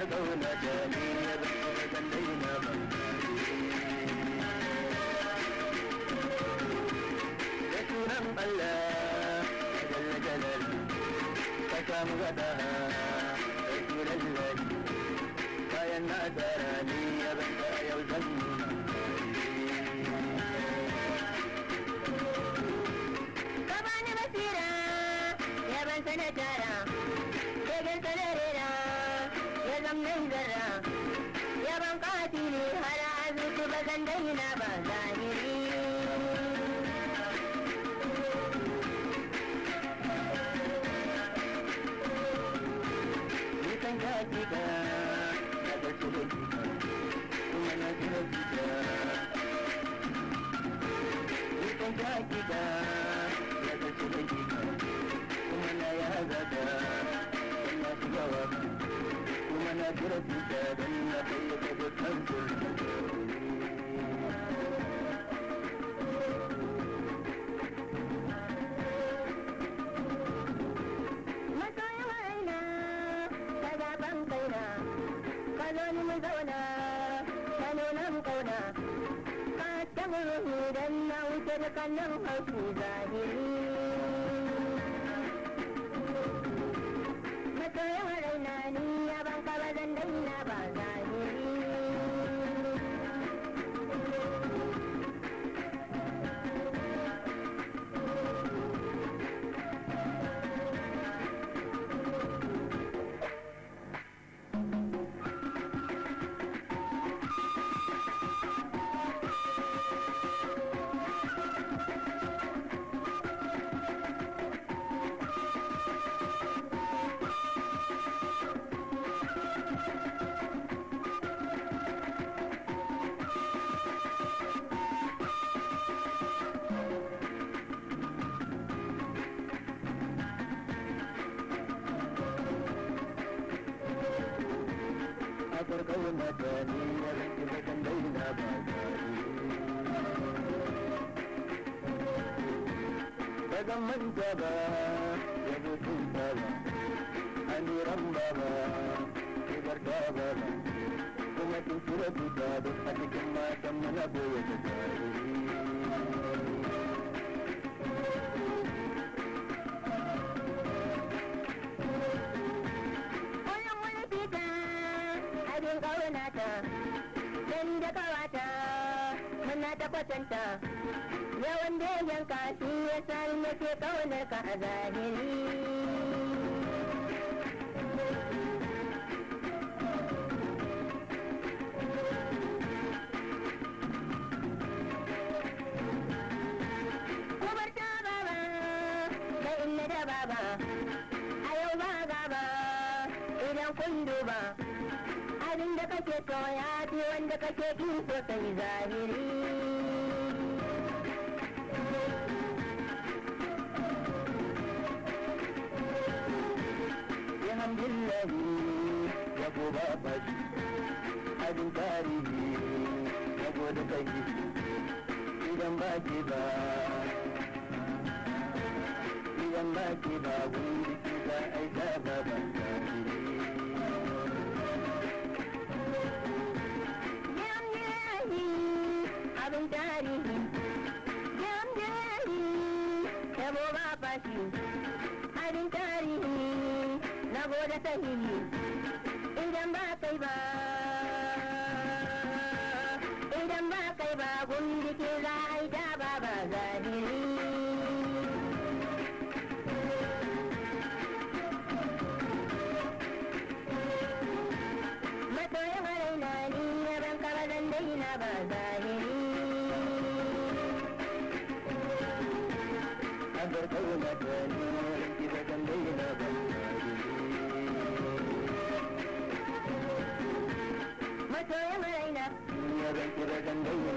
مولى جميل بينما يكون الله جل جلاله فكم غداها رجل الليل كاين ما تراني يا بنت يا وزني طبعا مسيرة يا بنت نتارا يا بنت نريرة nan gara yaban katili har azuku ba zan daina ba zahiri Nisan ka gida na da tuba kuma na tuba gida Nisan ka gida na da tuba gida kuma na ya zaga na tuba wa wani girki da don na kai da dukkan Kalonin mu zauna, kalonin mu kauna, ka ta mu ruhu na wuce da kallon haushi zahiri. I'm مكاني وذكرة بين تضمنت بها kwatanta dan da kawata muna ta kwatanta yawan da yanka shi ya sa nake kaunar ka a zahiri da kullu ba abin da kake to ya wanda kake ki ko zahiri ya fashi abin tarihi ya kai idan ba ki ba idan ba ba ba abin tarihi jam jari yabo ba fashi abin tarihi na gode idan ba kai ba idan ba kai ba za a ba ba I'm gonna tell you my plan. You think I'm big enough? My time ain't up. You think you're big enough?